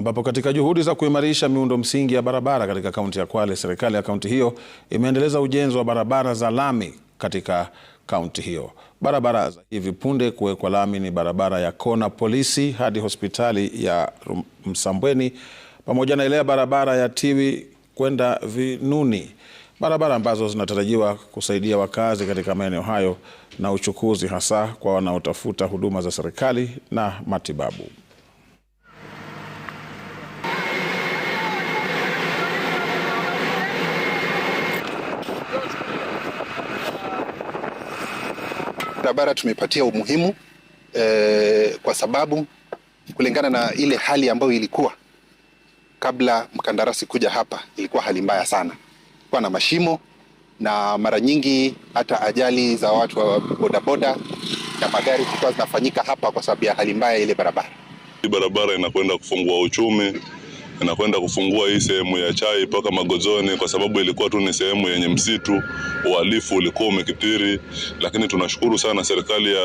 ambapo katika juhudi za kuimarisha miundo msingi ya barabara katika kaunti ya Kwale, serikali ya kaunti hiyo imeendeleza ujenzi wa barabara za lami katika kaunti hiyo. Barabara za hivi punde kuwekwa lami ni barabara ya kona polisi hadi hospitali ya Msambweni pamoja na ile ya barabara ya Tiwi kwenda Vinuni, barabara ambazo zinatarajiwa kusaidia wakazi katika maeneo hayo na uchukuzi, hasa kwa wanaotafuta huduma za serikali na matibabu. barabara tumepatia umuhimu e, kwa sababu kulingana na ile hali ambayo ilikuwa kabla mkandarasi kuja hapa, ilikuwa hali mbaya sana, kuwa na mashimo na mara nyingi hata ajali za watu wa bodaboda na magari zilikuwa zinafanyika hapa kwa sababu ya hali mbaya ile barabara. Hii barabara inakwenda kufungua uchumi inakwenda kufungua hii sehemu ya chai mpaka Magozoni, kwa sababu ilikuwa tu ni sehemu yenye msitu, uhalifu ulikuwa umekithiri. Lakini tunashukuru sana serikali ya,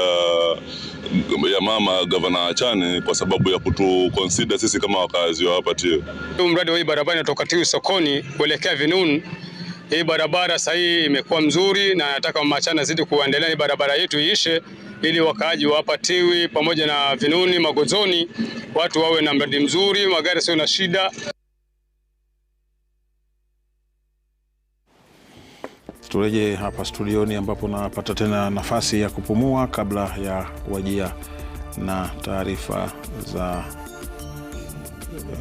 ya mama gavana Achani kwa sababu ya kutu consider sisi kama wakazi wa hapa Tio. Mradi wa hii barabara inatoka Tio sokoni kuelekea Vinun hii barabara sasa hii imekuwa mzuri na nataka Machana azidi kuendelea hii barabara yetu iishe ili wakaaji wapatiwi pamoja na Vinuni Magozoni, watu wawe na mradi mzuri, magari sio na shida. tureje hapa studioni ambapo napata tena nafasi ya kupumua kabla ya kuwajia na taarifa za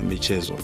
michezo.